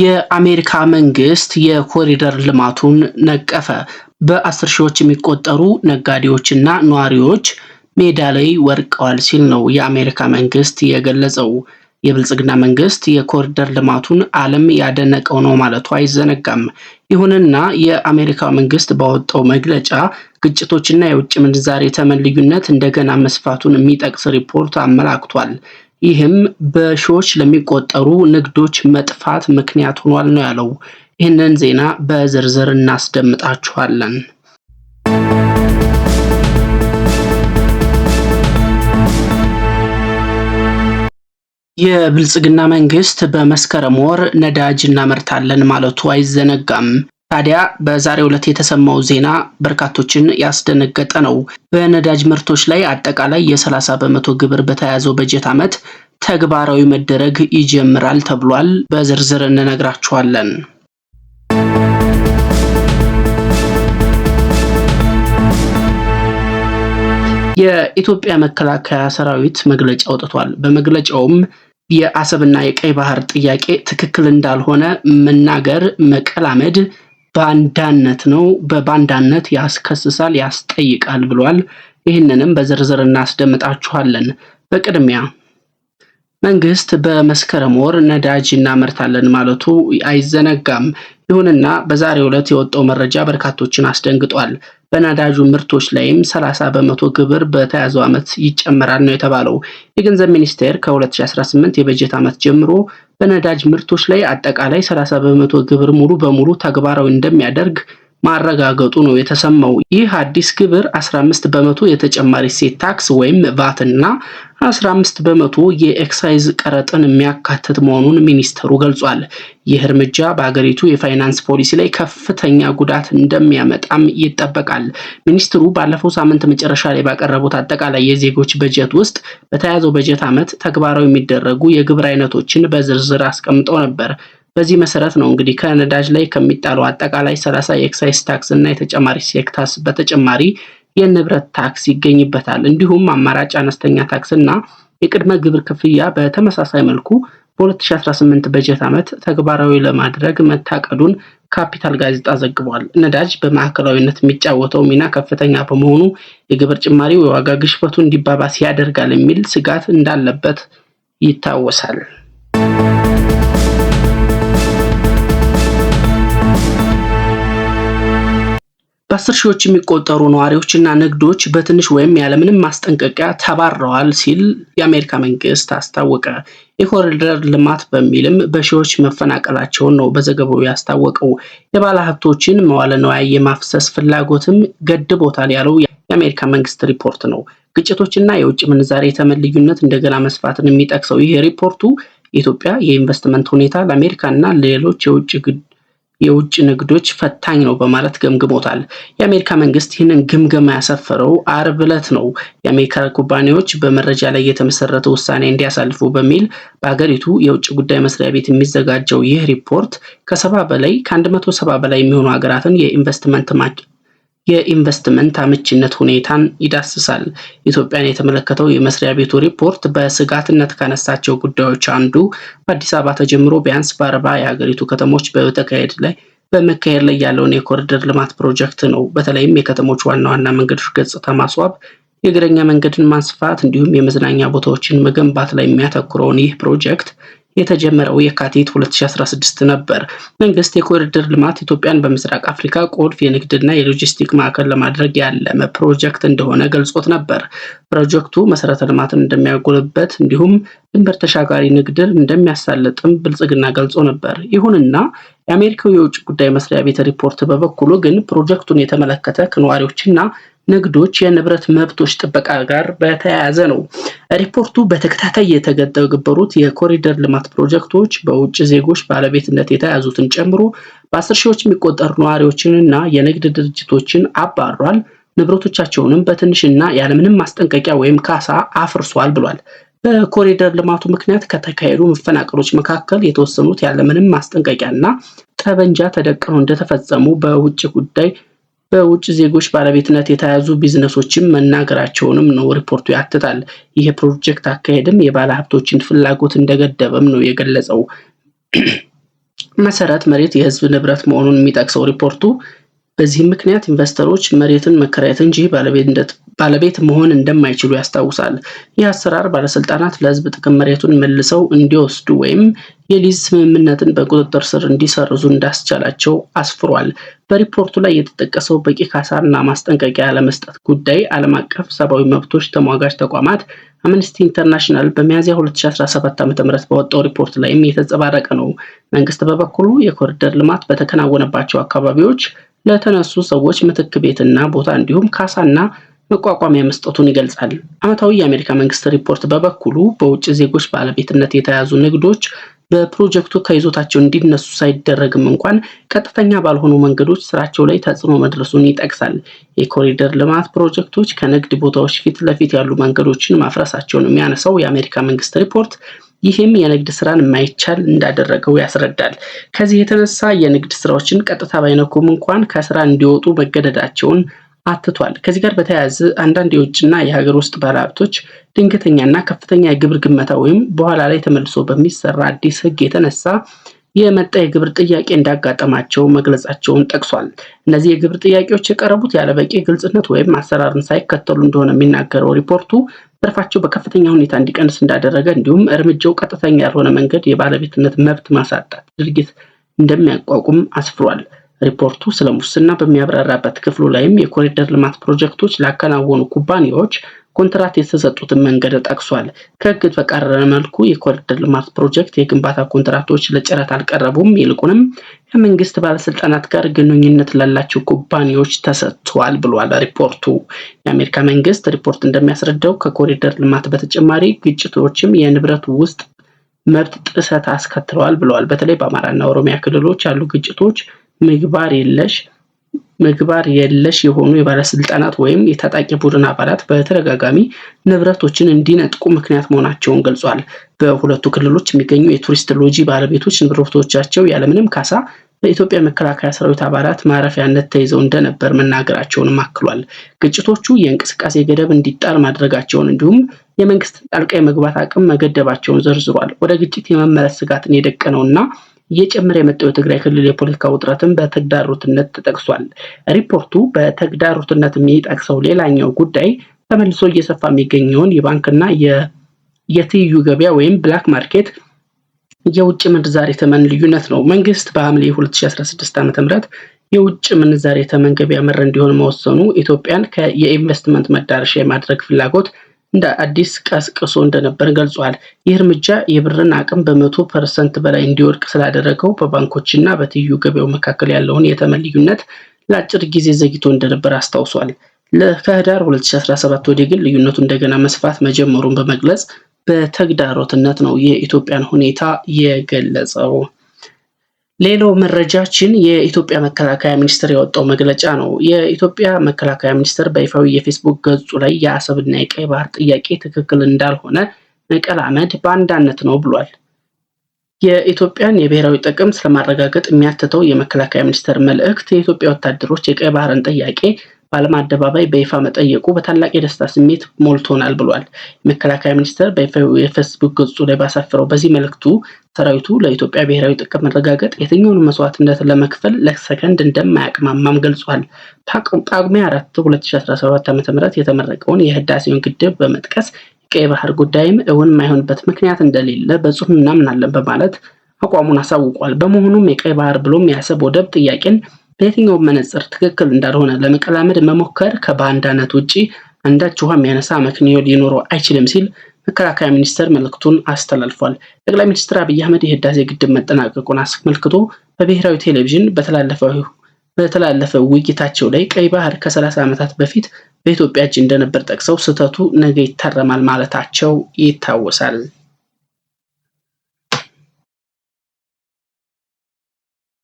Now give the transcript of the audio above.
የአሜሪካ መንግስት የኮሪደር ልማቱን ነቀፈ። በአስር ሺዎች የሚቆጠሩ ነጋዴዎችና ነዋሪዎች ሜዳ ላይ ወድቀዋል ሲል ነው የአሜሪካ መንግስት የገለጸው። የብልጽግና መንግስት የኮሪደር ልማቱን ዓለም ያደነቀው ነው ማለቱ አይዘነጋም። ይሁንና የአሜሪካ መንግስት ባወጣው መግለጫ ግጭቶችና የውጭ ምንዛሬ ተመን ልዩነት እንደገና መስፋቱን የሚጠቅስ ሪፖርት አመላክቷል። ይህም በሺዎች ለሚቆጠሩ ንግዶች መጥፋት ምክንያት ሆኗል ነው ያለው። ይህንን ዜና በዝርዝር እናስደምጣችኋለን። የብልጽግና መንግስት በመስከረም ወር ነዳጅ እናመርታለን ማለቱ አይዘነጋም። ታዲያ በዛሬ ዕለት የተሰማው ዜና በርካቶችን ያስደነገጠ ነው። በነዳጅ ምርቶች ላይ አጠቃላይ የ30 በመቶ ግብር በተያያዘው በጀት ዓመት ተግባራዊ መደረግ ይጀምራል ተብሏል። በዝርዝር እንነግራችኋለን። የኢትዮጵያ መከላከያ ሰራዊት መግለጫ አውጥቷል። በመግለጫውም የአሰብና የቀይ ባህር ጥያቄ ትክክል እንዳልሆነ መናገር መቀላመድ ባንዳነት ነው። በባንዳነት ያስከስሳል፣ ያስጠይቃል ብሏል። ይህንንም በዝርዝር እናስደምጣችኋለን። በቅድሚያ መንግስት በመስከረም ወር ነዳጅ እናመርታለን ማለቱ አይዘነጋም። ይሁንና በዛሬ ዕለት የወጣው መረጃ በርካቶችን አስደንግጧል። በነዳጁ ምርቶች ላይም 30 በመቶ ግብር በተያዘው ዓመት ይጨመራል ነው የተባለው። የገንዘብ ሚኒስቴር ከ2018 የበጀት ዓመት ጀምሮ በነዳጅ ምርቶች ላይ አጠቃላይ 30 በመቶ ግብር ሙሉ በሙሉ ተግባራዊ እንደሚያደርግ ማረጋገጡ ነው የተሰማው። ይህ አዲስ ግብር 15 በመቶ የተጨማሪ ሴት ታክስ ወይም ቫትና 15 በመቶ የኤክሳይዝ ቀረጥን የሚያካትት መሆኑን ሚኒስተሩ ገልጿል። ይህ እርምጃ በአገሪቱ የፋይናንስ ፖሊሲ ላይ ከፍተኛ ጉዳት እንደሚያመጣም ይጠበቃል። ሚኒስትሩ ባለፈው ሳምንት መጨረሻ ላይ ባቀረቡት አጠቃላይ የዜጎች በጀት ውስጥ በተያያዘው በጀት ዓመት ተግባራዊ የሚደረጉ የግብር አይነቶችን በዝርዝር አስቀምጠው ነበር። በዚህ መሰረት ነው እንግዲህ ከነዳጅ ላይ ከሚጣለው አጠቃላይ 30 የኤክሳይዝ ታክስ እና የተጨማሪ ሴክታስ በተጨማሪ የንብረት ታክስ ይገኝበታል። እንዲሁም አማራጭ አነስተኛ ታክስ እና የቅድመ ግብር ክፍያ በተመሳሳይ መልኩ በ2018 በጀት ዓመት ተግባራዊ ለማድረግ መታቀዱን ካፒታል ጋዜጣ ዘግቧል። ነዳጅ በማዕከላዊነት የሚጫወተው ሚና ከፍተኛ በመሆኑ የግብር ጭማሪው የዋጋ ግሽበቱ እንዲባባስ ያደርጋል የሚል ስጋት እንዳለበት ይታወሳል። በአስር ሺዎች የሚቆጠሩ ነዋሪዎችና ንግዶች በትንሽ ወይም ያለምንም ማስጠንቀቂያ ተባረዋል ሲል የአሜሪካ መንግስት አስታወቀ። የኮሪደር ልማት በሚልም በሺዎች መፈናቀላቸውን ነው በዘገባው ያስታወቀው። የባለ ሀብቶችን መዋለ ንዋይ የማፍሰስ ፍላጎትም ገድቦታል ያለው የአሜሪካ መንግስት ሪፖርት ነው። ግጭቶችና የውጭ ምንዛሬ የተመን ልዩነት እንደገና መስፋትን የሚጠቅሰው ይህ ሪፖርቱ የኢትዮጵያ የኢንቨስትመንት ሁኔታ ለአሜሪካና ሌሎች የውጭ የውጭ ንግዶች ፈታኝ ነው በማለት ገምግሞታል። የአሜሪካ መንግስት ይህንን ግምገማ ያሰፈረው አርብ ዕለት ነው። የአሜሪካ ኩባንያዎች በመረጃ ላይ የተመሰረተ ውሳኔ እንዲያሳልፉ በሚል በሀገሪቱ የውጭ ጉዳይ መስሪያ ቤት የሚዘጋጀው ይህ ሪፖርት ከሰባ በላይ ከአንድ መቶ ሰባ በላይ የሚሆኑ ሀገራትን የኢንቨስትመንት የኢንቨስትመንት አመቺነት ሁኔታን ይዳስሳል። ኢትዮጵያን የተመለከተው የመስሪያ ቤቱ ሪፖርት በስጋትነት ካነሳቸው ጉዳዮች አንዱ በአዲስ አበባ ተጀምሮ ቢያንስ በአርባ የሀገሪቱ ከተሞች በተካሄድ ላይ በመካሄድ ላይ ያለውን የኮሪደር ልማት ፕሮጀክት ነው። በተለይም የከተሞች ዋና ዋና መንገዶች ገጽታ ማስዋብ፣ የእግረኛ መንገድን ማስፋት እንዲሁም የመዝናኛ ቦታዎችን መገንባት ላይ የሚያተኩረውን ይህ ፕሮጀክት የተጀመረው የካቲት 2016 ነበር። መንግስት የኮሪደር ልማት ኢትዮጵያን በምስራቅ አፍሪካ ቁልፍ የንግድና የሎጂስቲክ ማዕከል ለማድረግ ያለመ ፕሮጀክት እንደሆነ ገልጾት ነበር። ፕሮጀክቱ መሰረተ ልማትን እንደሚያጎልበት እንዲሁም ድንበር ተሻጋሪ ንግድን እንደሚያሳልጥም ብልጽግና ገልጾ ነበር። ይሁንና የአሜሪካው የውጭ ጉዳይ መስሪያ ቤት ሪፖርት በበኩሉ ግን ፕሮጀክቱን የተመለከተ ከነዋሪዎችና ንግዶች የንብረት መብቶች ጥበቃ ጋር በተያያዘ ነው። ሪፖርቱ በተከታታይ የተገበሩት የኮሪደር ልማት ፕሮጀክቶች በውጭ ዜጎች ባለቤትነት የተያዙትን ጨምሮ በአስር ሺዎች የሚቆጠሩ ነዋሪዎችንና የንግድ ድርጅቶችን አባሯል፣ ንብረቶቻቸውንም በትንሽና ያለምንም ማስጠንቀቂያ ወይም ካሳ አፍርሷል ብሏል። በኮሪደር ልማቱ ምክንያት ከተካሄዱ መፈናቀሎች መካከል የተወሰኑት ያለምንም ማስጠንቀቂያና ጠበንጃ ተደቅነው እንደተፈጸሙ በውጭ ጉዳይ በውጭ ዜጎች ባለቤትነት የተያዙ ቢዝነሶችን መናገራቸውንም ነው ሪፖርቱ ያትታል። ይህ የፕሮጀክት አካሄድም የባለ ሀብቶችን ፍላጎት እንደገደበም ነው የገለጸው። መሰረት መሬት የህዝብ ንብረት መሆኑን የሚጠቅሰው ሪፖርቱ በዚህም ምክንያት ኢንቨስተሮች መሬትን መከራየት እንጂ ባለቤትነት ባለቤት መሆን እንደማይችሉ ያስታውሳል። ይህ አሰራር ባለስልጣናት ለህዝብ ጥቅም መሬቱን መልሰው እንዲወስዱ ወይም የሊዝ ስምምነትን በቁጥጥር ስር እንዲሰርዙ እንዳስቻላቸው አስፍሯል። በሪፖርቱ ላይ የተጠቀሰው በቂ ካሳና ማስጠንቀቂያ ለመስጠት ጉዳይ ዓለም አቀፍ ሰብአዊ መብቶች ተሟጋች ተቋማት አምነስቲ ኢንተርናሽናል በሚያዝያ 2017 ዓ ም በወጣው ሪፖርት ላይም የተንጸባረቀ ነው። መንግስት በበኩሉ የኮሪደር ልማት በተከናወነባቸው አካባቢዎች ለተነሱ ሰዎች ምትክ ቤትና ቦታ እንዲሁም ካሳና መቋቋሚያ መስጠቱን ይገልጻል። ዓመታዊ የአሜሪካ መንግስት ሪፖርት በበኩሉ በውጭ ዜጎች ባለቤትነት የተያዙ ንግዶች በፕሮጀክቱ ከይዞታቸው እንዲነሱ ሳይደረግም እንኳን ቀጥተኛ ባልሆኑ መንገዶች ስራቸው ላይ ተጽዕኖ መድረሱን ይጠቅሳል። የኮሪደር ልማት ፕሮጀክቶች ከንግድ ቦታዎች ፊት ለፊት ያሉ መንገዶችን ማፍረሳቸውን የሚያነሳው የአሜሪካ መንግስት ሪፖርት ይህም የንግድ ስራን የማይቻል እንዳደረገው ያስረዳል። ከዚህ የተነሳ የንግድ ስራዎችን ቀጥታ ባይነኩም እንኳን ከስራ እንዲወጡ መገደዳቸውን አትቷል። ከዚህ ጋር በተያያዘ አንዳንድ የውጭና የሀገር ውስጥ ባለሀብቶች ድንገተኛና ከፍተኛ የግብር ግመታ ወይም በኋላ ላይ ተመልሶ በሚሰራ አዲስ ህግ የተነሳ የመጣ የግብር ጥያቄ እንዳጋጠማቸው መግለጻቸውን ጠቅሷል። እነዚህ የግብር ጥያቄዎች የቀረቡት ያለበቂ ግልጽነት ወይም አሰራርን ሳይከተሉ እንደሆነ የሚናገረው ሪፖርቱ ትርፋቸው በከፍተኛ ሁኔታ እንዲቀንስ እንዳደረገ እንዲሁም እርምጃው ቀጥተኛ ያልሆነ መንገድ የባለቤትነት መብት ማሳጣት ድርጊት እንደሚያቋቁም አስፍሯል። ሪፖርቱ ስለ ሙስና በሚያብራራበት ክፍሉ ላይም የኮሪደር ልማት ፕሮጀክቶች ላከናወኑ ኩባንያዎች ኮንትራት የተሰጡትን መንገድ ጠቅሷል። ከሕግ በቀረረ መልኩ የኮሪደር ልማት ፕሮጀክት የግንባታ ኮንትራቶች ለጨረታ አልቀረቡም፣ ይልቁንም ከመንግስት ባለስልጣናት ጋር ግንኙነት ላላቸው ኩባንያዎች ተሰጥቷል ብሏል ሪፖርቱ። የአሜሪካ መንግስት ሪፖርት እንደሚያስረዳው ከኮሪደር ልማት በተጨማሪ ግጭቶችም የንብረት ውስጥ መብት ጥሰት አስከትለዋል ብለዋል። በተለይ በአማራና ኦሮሚያ ክልሎች ያሉ ግጭቶች ምግባር የለሽ ምግባር የለሽ የሆኑ የባለስልጣናት ወይም የታጣቂ ቡድን አባላት በተደጋጋሚ ንብረቶችን እንዲነጥቁ ምክንያት መሆናቸውን ገልጿል። በሁለቱ ክልሎች የሚገኙ የቱሪስት ሎጂ ባለቤቶች ንብረቶቻቸው ያለምንም ካሳ በኢትዮጵያ መከላከያ ሰራዊት አባላት ማረፊያነት ተይዘው እንደነበር መናገራቸውንም አክሏል። ግጭቶቹ የእንቅስቃሴ ገደብ እንዲጣል ማድረጋቸውን እንዲሁም የመንግስትን ጣልቃ የመግባት አቅም መገደባቸውን ዘርዝሯል። ወደ ግጭት የመመለስ ስጋትን የደቀነውና እየጨመረ የመጣው የትግራይ ክልል የፖለቲካ ውጥረትም በተግዳሮትነት ተጠቅሷል። ሪፖርቱ በተግዳሮትነት የሚጠቅሰው ሌላኛው ጉዳይ ተመልሶ እየሰፋ የሚገኘውን የባንክና የትይዩ ገበያ ወይም ብላክ ማርኬት የውጭ ምንዛሬ ተመን ልዩነት ነው። መንግስት በሐምሌ 2016 ዓም የውጭ ምንዛሬ ተመን ገበያ መር እንዲሆን መወሰኑ ኢትዮጵያን የኢንቨስትመንት መዳረሻ የማድረግ ፍላጎት እንደ አዲስ ቀስቅሶ እንደነበር ገልጿል። ይህ እርምጃ የብርን አቅም በመቶ ፐርሰንት በላይ እንዲወድቅ ስላደረገው በባንኮችና በትይዩ ገበያው መካከል ያለውን የተመን ልዩነት ለአጭር ጊዜ ዘግቶ እንደነበር አስታውሷል። ከህዳር 2017 ወዲህ ግን ልዩነቱ እንደገና መስፋት መጀመሩን በመግለጽ በተግዳሮትነት ነው የኢትዮጵያን ሁኔታ የገለጸው። ሌላው መረጃችን የኢትዮጵያ መከላከያ ሚኒስቴር ያወጣው መግለጫ ነው። የኢትዮጵያ መከላከያ ሚኒስቴር በይፋዊ የፌስቡክ ገጹ ላይ የአሰብና የቀይ ባህር ጥያቄ ትክክል እንዳልሆነ መቀላመድ በአንዳነት ነው ብሏል። የኢትዮጵያን የብሔራዊ ጥቅም ስለማረጋገጥ የሚያትተው የመከላከያ ሚኒስቴር መልእክት የኢትዮጵያ ወታደሮች የቀይ ባህርን ጥያቄ በዓለም አደባባይ በይፋ መጠየቁ በታላቅ የደስታ ስሜት ሞልቶናል ብሏል። የመከላከያ ሚኒስቴር በይፋዊ የፌስቡክ ገጹ ላይ ባሰፈረው በዚህ መልእክቱ ሰራዊቱ ለኢትዮጵያ ብሔራዊ ጥቅም መረጋገጥ የትኛውን መስዋዕትነት ለመክፈል ለሰከንድ እንደማያቅማማም ገልጿል። ጳጉሜ 4 2017 ዓ ም የተመረቀውን የህዳሴውን ግድብ በመጥቀስ የቀይ ባህር ጉዳይም እውን ማይሆንበት ምክንያት እንደሌለ በጽሁፍ እናምናለን በማለት አቋሙን አሳውቋል። በመሆኑም የቀይ ባህር ብሎም የአሰብ ወደብ ጥያቄን በየትኛውም መነጽር ትክክል እንዳልሆነ ለመቀላመድ መሞከር ከባንዳነት ውጪ አንዳች ውሃ የሚያነሳ መክንዮ ሊኖረው አይችልም ሲል መከላከያ ሚኒስቴር መልእክቱን አስተላልፏል። ጠቅላይ ሚኒስትር አብይ አህመድ የህዳሴ ግድብ መጠናቀቁን አስመልክቶ በብሔራዊ ቴሌቪዥን በተላለፈ ውይይታቸው ላይ ቀይ ባህር ከ30 ዓመታት በፊት በኢትዮጵያ እጅ እንደነበር ጠቅሰው ስህተቱ ነገ ይታረማል ማለታቸው ይታወሳል።